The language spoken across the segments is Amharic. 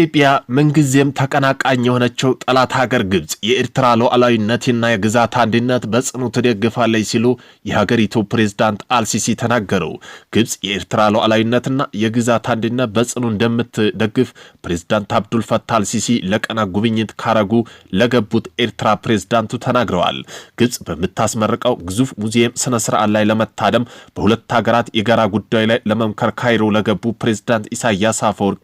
ኢትዮጵያ ምንጊዜም ተቀናቃኝ የሆነችው ጠላት ሀገር ግብፅ የኤርትራ ሉዓላዊነትና የግዛት አንድነት በጽኑ ትደግፋለች ሲሉ የሀገሪቱ ፕሬዝዳንት አልሲሲ ተናገሩ። ግብፅ የኤርትራ ሉዓላዊነትና የግዛት አንድነት በጽኑ እንደምትደግፍ ፕሬዝዳንት አብዱልፈታ አልሲሲ ለቀና ጉብኝት ካረጉ ለገቡት ኤርትራ ፕሬዝዳንቱ ተናግረዋል። ግብፅ በምታስመርቀው ግዙፍ ሙዚየም ስነ ስርዓት ላይ ለመታደም በሁለት ሀገራት የጋራ ጉዳይ ላይ ለመምከር ካይሮ ለገቡ ፕሬዝዳንት ኢሳያስ አፈወርቄ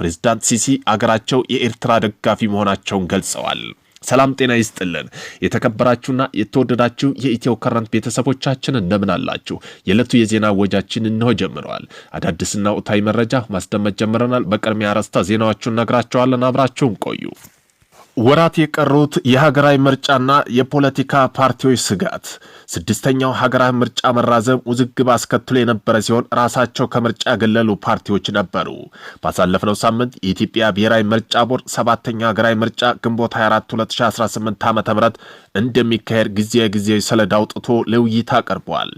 ፕሬዝዳንት ሲሲ አገራቸው የኤርትራ ደጋፊ መሆናቸውን ገልጸዋል። ሰላም ጤና ይስጥልን። የተከበራችሁና የተወደዳችሁ የኢትዮ ከረንት ቤተሰቦቻችን እንደምን አላችሁ? የዕለቱ የዜና ወጃችን እንሆ ጀምረዋል። አዳዲስና ወቅታዊ መረጃ ማስደመጥ ጀምረናል። በቅድሚያ አርዕስተ ዜናዎቹን ነግራቸዋለን። አብራችሁን ቆዩ። ወራት የቀሩት የሀገራዊ ምርጫና የፖለቲካ ፓርቲዎች ስጋት። ስድስተኛው ሀገራዊ ምርጫ መራዘም ውዝግብ አስከትሎ የነበረ ሲሆን ራሳቸው ከምርጫ ያገለሉ ፓርቲዎች ነበሩ። ባሳለፍነው ሳምንት የኢትዮጵያ ብሔራዊ ምርጫ ቦርድ ሰባተኛው ሀገራዊ ምርጫ ግንቦት 24 2018 ዓ ም እንደሚካሄድ ጊዜያዊ ጊዜያዊ ሰሌዳ አውጥቶ ለውይይት አቅርቧል።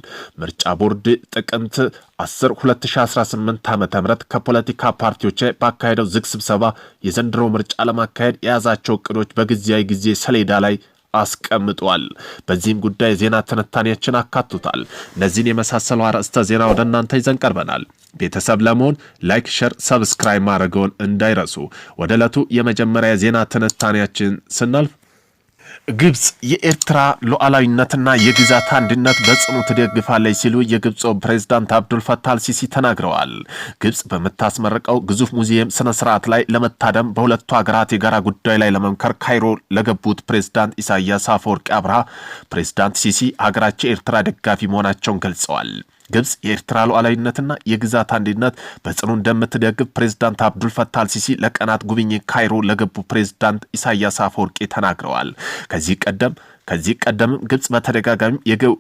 ምርጫ ቦርድ ጥቅምት 10 2018 ዓ ም ከፖለቲካ ፓርቲዎች ባካሄደው ዝግ ስብሰባ የዘንድሮ ምርጫ ለማካሄድ የያዛቸው እቅዶች በጊዜያዊ ጊዜ ሰሌዳ ላይ አስቀምጧል። በዚህም ጉዳይ ዜና ትንታኔያችን አካቱታል። እነዚህን የመሳሰሉ አርዕስተ ዜና ወደ እናንተ ይዘን ቀርበናል። ቤተሰብ ለመሆን ላይክ፣ ሸር፣ ሰብስክራይብ ማድረገውን እንዳይረሱ። ወደ ዕለቱ የመጀመሪያ ዜና ትንታኔያችን ስናልፍ ግብጽ የኤርትራ ሉዓላዊነትና የግዛት አንድነት በጽኑ ትደግፋለች ሲሉ የግብፁ ፕሬዝዳንት አብዱል ፈታህ አልሲሲ ተናግረዋል። ግብጽ በምታስመርቀው ግዙፍ ሙዚየም ስነ ስርዓት ላይ ለመታደም በሁለቱ ሀገራት የጋራ ጉዳይ ላይ ለመምከር ካይሮ ለገቡት ፕሬዝዳንት ኢሳያስ አፈወርቂ አብርሃ ፕሬዝዳንት ሲሲ ሀገራቸው የኤርትራ ደጋፊ መሆናቸውን ገልጸዋል። ግብጽ የኤርትራ ሉዓላዊነትና የግዛት አንድነት በጽኑ እንደምትደግፍ ፕሬዝዳንት አብዱልፈታ አልሲሲ ለቀናት ጉብኝት ካይሮ ለገቡ ፕሬዝዳንት ኢሳያስ አፈወርቂ ተናግረዋል። ከዚህ ቀደም ከዚህ ቀደምም ግብጽ በተደጋጋሚ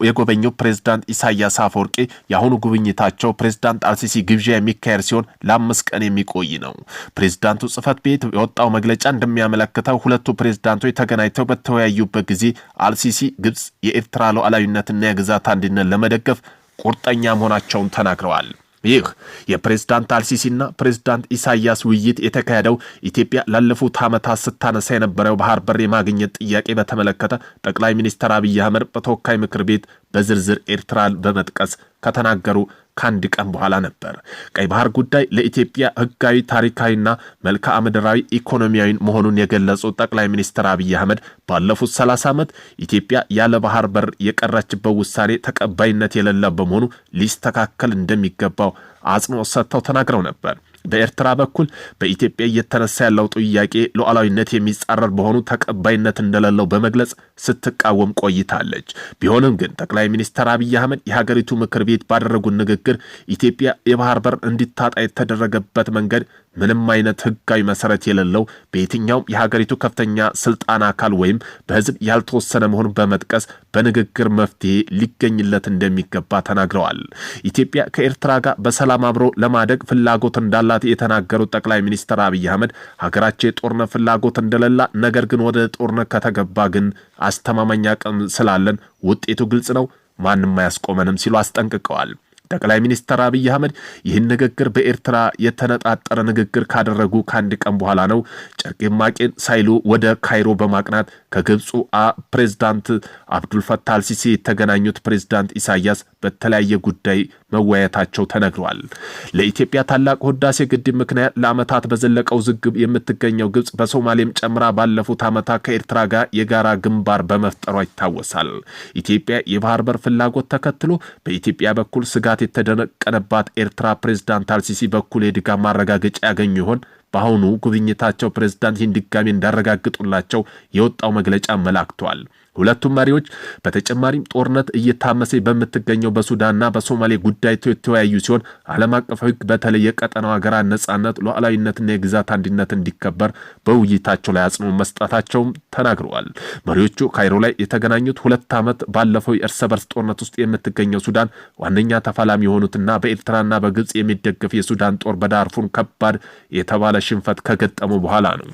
የጎበኘው ፕሬዝዳንት ኢሳያስ አፈወርቂ የአሁኑ ጉብኝታቸው ፕሬዝዳንት አልሲሲ ግብዣ የሚካሄድ ሲሆን ለአምስት ቀን የሚቆይ ነው። ፕሬዝዳንቱ ጽህፈት ቤት የወጣው መግለጫ እንደሚያመለክተው ሁለቱ ፕሬዚዳንቶች ተገናኝተው በተወያዩበት ጊዜ አልሲሲ ግብጽ የኤርትራ ሉዓላዊነትና የግዛት አንድነት ለመደገፍ ቁርጠኛ መሆናቸውን ተናግረዋል። ይህ የፕሬዝዳንት አልሲሲና ፕሬዝዳንት ኢሳያስ ውይይት የተካሄደው ኢትዮጵያ ላለፉት ዓመታት ስታነሳ የነበረው ባህር በር የማግኘት ጥያቄ በተመለከተ ጠቅላይ ሚኒስትር አብይ አህመድ በተወካይ ምክር ቤት በዝርዝር ኤርትራን በመጥቀስ ከተናገሩ ከአንድ ቀን በኋላ ነበር። ቀይ ባህር ጉዳይ ለኢትዮጵያ ህጋዊ ታሪካዊና መልክዓ ምድራዊ ኢኮኖሚያዊ መሆኑን የገለጹት ጠቅላይ ሚኒስትር አብይ አህመድ ባለፉት 30 ዓመት ኢትዮጵያ ያለ ባህር በር የቀረችበት ውሳኔ ተቀባይነት የሌለ በመሆኑ ሊስተካከል እንደሚገባው አጽንኦት ሰጥተው ተናግረው ነበር። በኤርትራ በኩል በኢትዮጵያ እየተነሳ ያለው ጥያቄ ሉዓላዊነት የሚጻረር በሆኑ ተቀባይነት እንደሌለው በመግለጽ ስትቃወም ቆይታለች። ቢሆንም ግን ጠቅላይ ሚኒስትር አብይ አህመድ የሀገሪቱ ምክር ቤት ባደረጉት ንግግር ኢትዮጵያ የባህር በር እንዲታጣ የተደረገበት መንገድ ምንም አይነት ህጋዊ መሰረት የሌለው በየትኛውም የሀገሪቱ ከፍተኛ ስልጣን አካል ወይም በህዝብ ያልተወሰነ መሆኑን በመጥቀስ በንግግር መፍትሄ ሊገኝለት እንደሚገባ ተናግረዋል። ኢትዮጵያ ከኤርትራ ጋር በሰላም አብሮ ለማደግ ፍላጎት እንዳላት የተናገሩት ጠቅላይ ሚኒስትር አብይ አህመድ ሀገራቸው የጦርነት ፍላጎት እንደሌላ፣ ነገር ግን ወደ ጦርነት ከተገባ ግን አስተማማኝ አቅም ስላለን ውጤቱ ግልጽ ነው፣ ማንም አያስቆመንም ሲሉ አስጠንቅቀዋል። ጠቅላይ ሚኒስትር አብይ አህመድ ይህን ንግግር በኤርትራ የተነጣጠረ ንግግር ካደረጉ ከአንድ ቀን በኋላ ነው ጨርቄን ማቄን ሳይሉ ወደ ካይሮ በማቅናት ከግብፁ ፕሬዝዳንት አብዱልፈታ አልሲሲ የተገናኙት ፕሬዝዳንት ኢሳያስ በተለያየ ጉዳይ መወያየታቸው ተነግረዋል። ለኢትዮጵያ ታላቅ ህዳሴ ግድብ ምክንያት ለዓመታት በዘለቀው ዝግብ የምትገኘው ግብፅ በሶማሌም ጨምራ ባለፉት ዓመታት ከኤርትራ ጋር የጋራ ግንባር በመፍጠሯ ይታወሳል። ኢትዮጵያ የባህር በር ፍላጎት ተከትሎ በኢትዮጵያ በኩል ስጋት ጥቃት የተደቀነባት ኤርትራ ፕሬዝዳንት አልሲሲ በኩል የድጋፍ ማረጋገጫ ያገኙ ይሆን? በአሁኑ ጉብኝታቸው ፕሬዝዳንት ይህን ድጋሜ እንዳረጋግጡላቸው የወጣው መግለጫ መላክቷል። ሁለቱም መሪዎች በተጨማሪም ጦርነት እየታመሰ በምትገኘው በሱዳንና በሶማሌ ጉዳይ የተወያዩ ሲሆን ዓለም አቀፍ ሕግ በተለይ የቀጠናው ሀገራት ነጻነት፣ ሉዓላዊነትና የግዛት አንድነት እንዲከበር በውይይታቸው ላይ አጽኖ መስጠታቸውም ተናግረዋል። መሪዎቹ ካይሮ ላይ የተገናኙት ሁለት ዓመት ባለፈው የእርስ በርስ ጦርነት ውስጥ የምትገኘው ሱዳን ዋነኛ ተፋላሚ የሆኑትና በኤርትራና በግብፅ የሚደገፍ የሱዳን ጦር በዳርፉን ከባድ የተባለ ሽንፈት ከገጠሙ በኋላ ነው።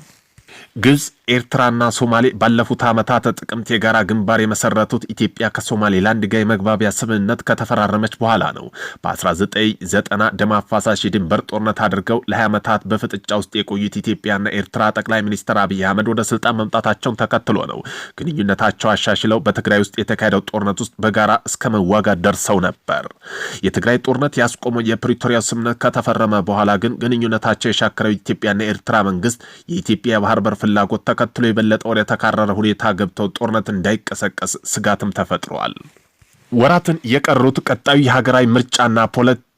ግብፅ፣ ኤርትራና ሶማሌ ባለፉት ዓመታት ጥቅምት የጋራ ግንባር የመሰረቱት ኢትዮጵያ ከሶማሌላንድ ጋር የመግባቢያ ስምምነት ከተፈራረመች በኋላ ነው። በ1990 ደም አፋሳሽ የድንበር ጦርነት አድርገው ለ20 ዓመታት በፍጥጫ ውስጥ የቆዩት ኢትዮጵያና ኤርትራ ጠቅላይ ሚኒስትር አብይ አህመድ ወደ ስልጣን መምጣታቸውን ተከትሎ ነው ግንኙነታቸው አሻሽለው በትግራይ ውስጥ የተካሄደው ጦርነት ውስጥ በጋራ እስከ መዋጋት ደርሰው ነበር። የትግራይ ጦርነት ያስቆመው የፕሪቶሪያ ስምምነት ከተፈረመ በኋላ ግን ግንኙነታቸው የሻከረው ኢትዮጵያና ኤርትራ መንግስት የኢትዮጵያ የማርበር ፍላጎት ተከትሎ የበለጠ ወደ ተካረረ ሁኔታ ገብተው ጦርነት እንዳይቀሰቀስ ስጋትም ተፈጥሯል። ወራትን የቀሩት ቀጣዩ የሀገራዊ ምርጫና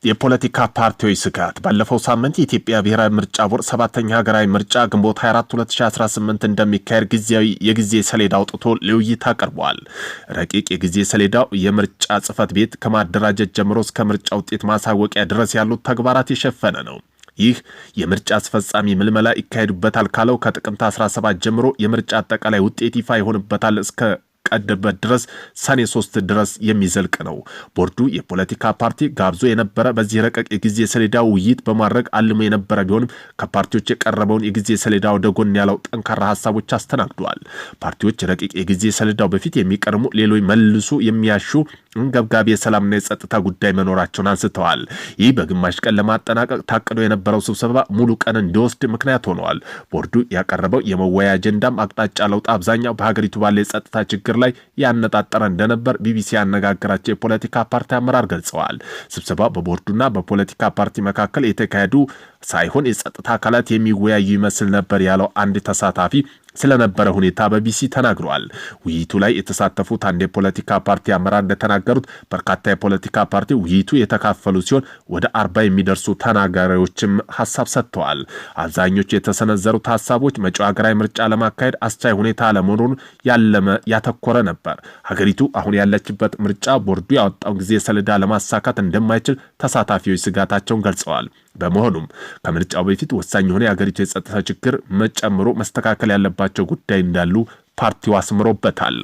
የፖለቲካ ፓርቲዎች ስጋት ባለፈው ሳምንት የኢትዮጵያ ብሔራዊ ምርጫ ቦርድ ሰባተኛ ሀገራዊ ምርጫ ግንቦት 24 2018 እንደሚካሄድ ጊዜያዊ የጊዜ ሰሌዳ አውጥቶ ለውይይት አቅርቧል። ረቂቅ የጊዜ ሰሌዳው የምርጫ ጽህፈት ቤት ከማደራጀት ጀምሮ እስከ ምርጫ ውጤት ማሳወቂያ ድረስ ያሉት ተግባራት የሸፈነ ነው። ይህ የምርጫ አስፈጻሚ ምልመላ ይካሄዱበታል ካለው ከጥቅምት 17 ጀምሮ የምርጫ አጠቃላይ ውጤት ይፋ ይሆንበታል እስከ ቀደበት ድረስ ሰኔ ሶስት ድረስ የሚዘልቅ ነው። ቦርዱ የፖለቲካ ፓርቲ ጋብዞ የነበረ በዚህ ረቀቅ የጊዜ ሰሌዳ ውይይት በማድረግ አልሞ የነበረ ቢሆንም ከፓርቲዎች የቀረበውን የጊዜ ሰሌዳ ወደ ጎን ያለው ጠንካራ ሀሳቦች አስተናግደዋል። ፓርቲዎች ረቂቅ የጊዜ ሰሌዳው በፊት የሚቀርሙ ሌሎች መልሱ የሚያሹ አንገብጋቢ የሰላምና የጸጥታ ጉዳይ መኖራቸውን አንስተዋል። ይህ በግማሽ ቀን ለማጠናቀቅ ታቅዶ የነበረው ስብሰባ ሙሉ ቀን እንዲወስድ ምክንያት ሆነዋል። ቦርዱ ያቀረበው የመወያ አጀንዳም አቅጣጫ ለውጥ አብዛኛው በሀገሪቱ ባለ የጸጥታ ችግር ላይ ያነጣጠረ እንደነበር ቢቢሲ ያነጋገራቸው የፖለቲካ ፓርቲ አመራር ገልጸዋል። ስብሰባው በቦርዱና በፖለቲካ ፓርቲ መካከል የተካሄዱ ሳይሆን የጸጥታ አካላት የሚወያዩ ይመስል ነበር ያለው አንድ ተሳታፊ ስለነበረ ሁኔታ በቢሲ ተናግረዋል። ውይይቱ ላይ የተሳተፉት አንድ የፖለቲካ ፓርቲ አመራር እንደተናገሩት በርካታ የፖለቲካ ፓርቲ ውይይቱ የተካፈሉ ሲሆን ወደ አርባ የሚደርሱ ተናጋሪዎችም ሀሳብ ሰጥተዋል። አብዛኞቹ የተሰነዘሩት ሀሳቦች መጪው ሀገራዊ ምርጫ ለማካሄድ አስቻይ ሁኔታ አለመኖሩን ያለመ ያተኮረ ነበር። ሀገሪቱ አሁን ያለችበት ምርጫ ቦርዱ ያወጣውን ጊዜ ሰሌዳ ለማሳካት እንደማይችል ተሳታፊዎች ስጋታቸውን ገልጸዋል። በመሆኑም ከምርጫው በፊት ወሳኝ የሆነ የአገሪቱ የጸጥታ ችግር መጨምሮ መስተካከል ያለባቸው ጉዳይ እንዳሉ ፓርቲው አስምሮበታል።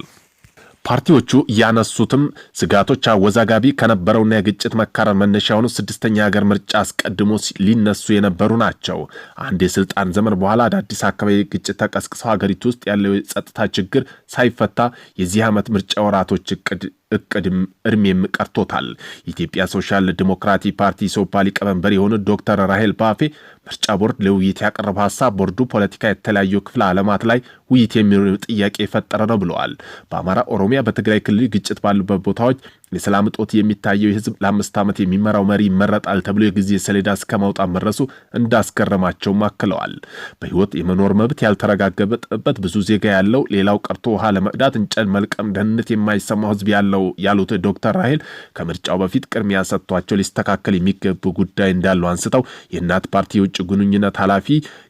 ፓርቲዎቹ ያነሱትም ስጋቶች አወዛጋቢ ከነበረውና የግጭት መካረር መነሻ የሆኑ ስድስተኛ ሀገር ምርጫ አስቀድሞ ሊነሱ የነበሩ ናቸው። አንድ የስልጣን ዘመን በኋላ አዳዲስ አካባቢ ግጭት ተቀስቅሰው ሀገሪቱ ውስጥ ያለው የጸጥታ ችግር ሳይፈታ የዚህ ዓመት ምርጫ ወራቶች እቅድ እቅድም እድሜም ቀርቶታል። የኢትዮጵያ ሶሻል ዲሞክራቲ ፓርቲ ሶፓ ሊቀመንበር የሆነ ዶክተር ራሄል ባፌ ምርጫ ቦርድ ለውይይት ያቀረበ ሀሳብ ቦርዱ ፖለቲካ የተለያዩ ክፍለ ዓለማት ላይ ውይይት የሚሆኑ ጥያቄ የፈጠረ ነው ብለዋል። በአማራ ኦሮሚያ፣ በትግራይ ክልል ግጭት ባሉበት ቦታዎች ለሰላም እጦት የሚታየው ህዝብ ለአምስት ዓመት የሚመራው መሪ ይመረጣል ተብሎ የጊዜ ሰሌዳ እስከ ማውጣት መድረሱ እንዳስገረማቸውም አክለዋል። በህይወት የመኖር መብት ያልተረጋገጠበት ብዙ ዜጋ ያለው ሌላው ቀርቶ ውሃ ለመቅዳት እንጨት መልቀም ደህንነት የማይሰማው ህዝብ ያለው ያሉት ዶክተር ራሄል ከምርጫው በፊት ቅድሚያ ሰጥቷቸው ሊስተካከል የሚገቡ ጉዳይ እንዳለው አንስተው የእናት ፓርቲ የውጭ ግንኙነት ኃላፊ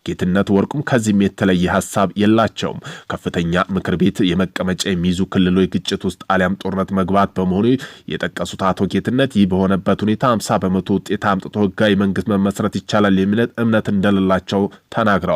ጌትነት ወርቁም ከዚህም የተለየ ሀሳብ የላቸውም። ከፍተኛ ምክር ቤት የመቀመጫ የሚይዙ ክልሎች ግጭት ውስጥ አሊያም ጦርነት መግባት በመሆኑ የጠቀሱት አቶ ጌትነት ይህ በሆነበት ሁኔታ 50 በመቶ ውጤት አምጥቶ ህጋዊ መንግስት መመስረት ይቻላል የሚል እምነት እንደሌላቸው ተናግረዋል።